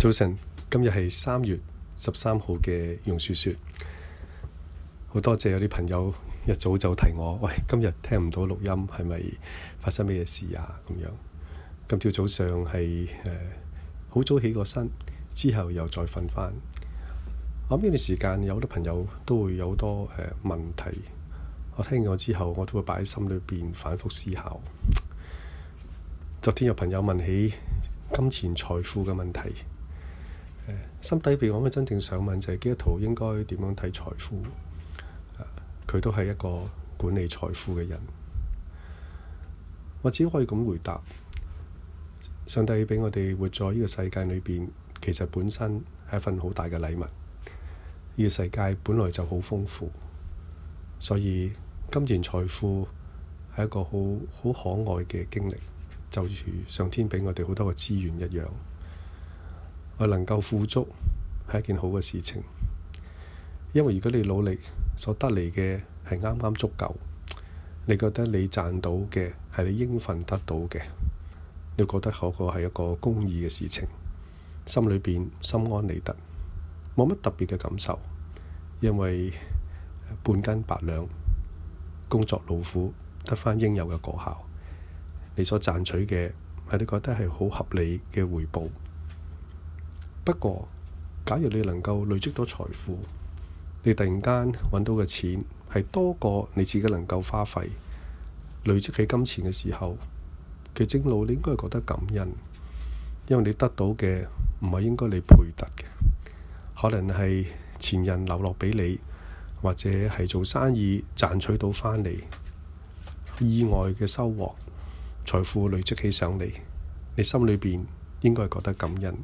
早晨，今日係三月十三號嘅用雪雪，好多謝有啲朋友一早就提我，喂，今日聽唔到錄音，係咪發生咩事啊？咁樣，今朝早上係好、呃、早起個身，之後又再瞓翻。我呢段時間有好多朋友都會有好多誒、呃、問題，我聽過之後，我都會擺喺心裏邊反復思考。昨天有朋友問起金錢財富嘅問題。心底被講嘅真正想問就係基督徒應該點樣睇財富？佢、啊、都係一個管理財富嘅人，我只可以咁回答：上帝俾我哋活在呢個世界裏邊，其實本身係一份好大嘅禮物。呢個世界本來就好豐富，所以金錢財富係一個好好可愛嘅經歷，就如上天俾我哋好多嘅資源一樣。佢能夠富足係一件好嘅事情，因為如果你努力所得嚟嘅係啱啱足夠，你覺得你賺到嘅係你應份得到嘅，你覺得嗰個係一個公義嘅事情，心裏邊心安理得，冇乜特別嘅感受，因為半斤八兩，工作勞苦得返應有嘅果效，你所賺取嘅係你覺得係好合理嘅回報。不過，假如你能夠累積到財富，你突然間揾到嘅錢係多過你自己能夠花費累積起金錢嘅時候，嘅正路你應該係覺得感恩，因為你得到嘅唔係應該你配得嘅，可能係前人留落俾你，或者係做生意賺取到翻嚟意外嘅收穫，財富累積起上嚟，你心裏邊應該係覺得感恩。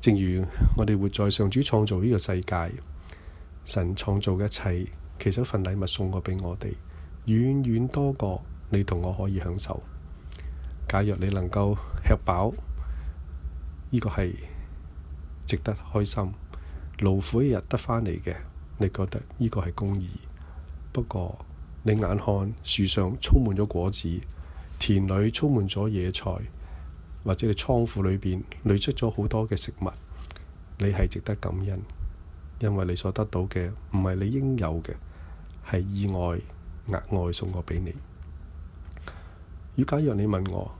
正如我哋活在上主創造呢個世界，神創造嘅一切其實一份禮物送過畀我哋，遠遠多過你同我可以享受。假若你能夠吃飽，呢個係值得開心，勞苦一日得返嚟嘅，你覺得呢個係公義。不過你眼看樹上充滿咗果子，田裏充滿咗野菜。或者你倉庫裏邊累積咗好多嘅食物，你係值得感恩，因為你所得到嘅唔係你應有嘅，係意外額外送過俾你。如假若你問我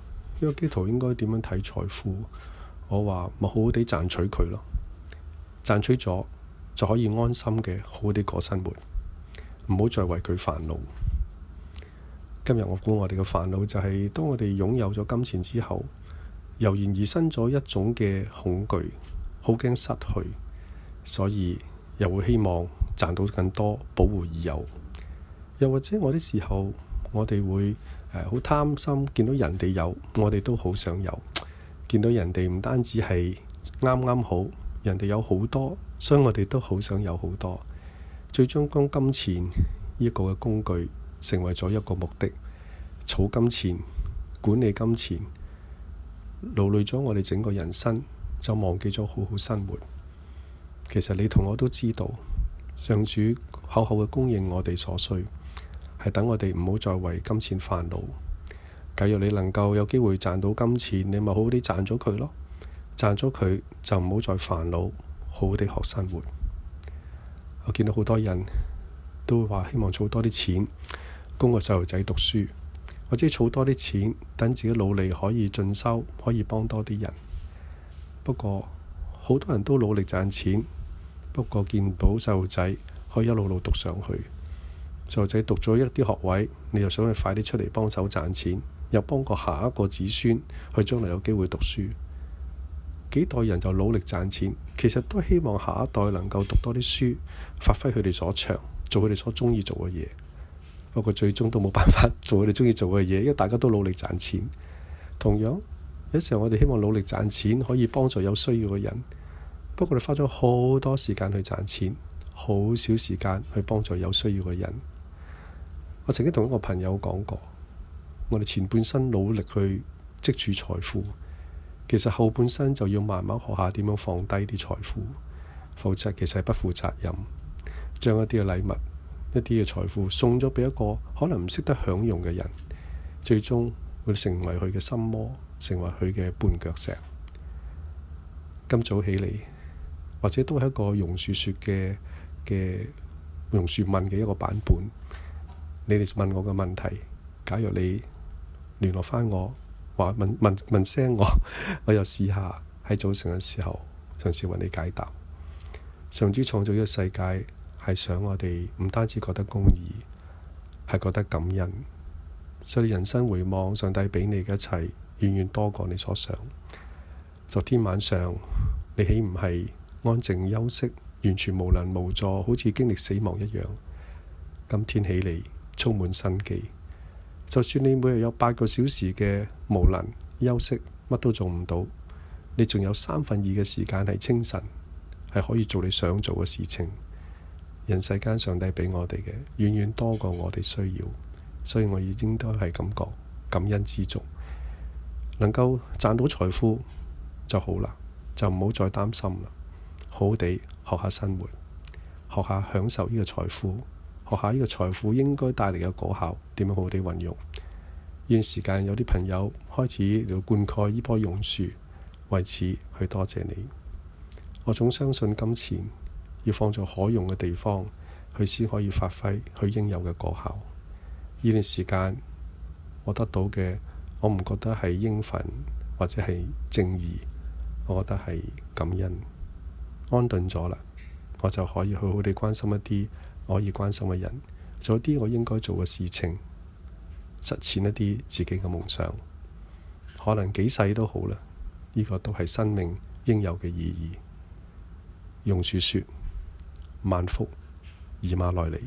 呢個基督徒應該點樣睇財富，我話咪好好地賺取佢咯，賺取咗就可以安心嘅，好好地過生活，唔好再為佢煩惱。今日我估我哋嘅煩惱就係當我哋擁有咗金錢之後。油然而生咗一種嘅恐懼，好驚失去，所以又會希望賺到更多保護已有。又或者我啲時候，我哋會誒好、呃、貪心，見到人哋有，我哋都好想有；見到人哋唔單止係啱啱好，人哋有好多，所以我哋都好想有好多。最終將金錢呢個嘅工具成為咗一個目的，儲金錢、管理金錢。勞累咗我哋整個人生，就忘記咗好好生活。其實你同我都知道，上主好好嘅供應我哋所需，係等我哋唔好再為金錢煩惱。假如你能夠有機會賺到金錢，你咪好好啲賺咗佢咯，賺咗佢就唔好再煩惱，好好地學生活。我見到好多人都話希望儲多啲錢，供個細路仔讀書。或者儲多啲錢，等自己努力可以進修，可以幫多啲人。不過好多人都努力賺錢，不過見到細路仔可以一路路讀上去，細路仔讀咗一啲學位，你又想去快啲出嚟幫手賺錢，又幫過下一個子孫，佢將嚟有機會讀書。幾代人就努力賺錢，其實都希望下一代能夠讀多啲書，發揮佢哋所長，做佢哋所中意做嘅嘢。不過最終都冇辦法做佢哋中意做嘅嘢，因為大家都努力賺錢。同樣，有時候我哋希望努力賺錢可以幫助有需要嘅人，不過你花咗好多時間去賺錢，好少時間去幫助有需要嘅人。我曾經同一個朋友講過，我哋前半生努力去積儲財富，其實後半生就要慢慢學下點樣放低啲財富，否則其實係不負責任，將一啲嘅禮物，一啲嘅財富送咗俾一個可能唔識得享用嘅人，最終會成為佢嘅心魔，成為佢嘅絆腳石。今早起嚟，或者都係一個榕樹說嘅嘅榕樹問嘅一個版本。你哋問我嘅問題，假如你聯絡返我，話問問問聲我， 我又試下喺早晨嘅時候嘗試為你解答。上主創造呢個世界。係想我哋唔單止覺得公義，係覺得感恩。所以人生回望，上帝俾你嘅一切，遠遠多過你所想。昨天晚上你豈唔係安靜休息，完全無能無助，好似經歷死亡一樣？今天起嚟充滿生機。就算你每日有八個小時嘅無能休息，乜都做唔到，你仲有三分二嘅時間係清醒，係可以做你想做嘅事情。人世間，上帝俾我哋嘅遠遠多過我哋需要，所以我亦應該係咁講，感恩知足，能夠賺到財富就好啦，就唔好再擔心啦，好好地學下生活，學下享受呢個財富，學下呢個財富應該帶嚟嘅果效，點樣好好地運用。呢段時間有啲朋友開始嚟灌溉呢棵榕樹，為此去多謝你。我總相信金錢。要放在可用嘅地方，佢先可以發揮佢應有嘅果效。呢段時間我得到嘅，我唔覺得係應份或者係正義，我覺得係感恩。安頓咗啦，我就可以好好地關心一啲我可以關心嘅人，做啲我應該做嘅事情，實踐一啲自己嘅夢想。可能幾世都好啦，呢個都係生命應有嘅意義。用住說。萬福姨媽來嚟。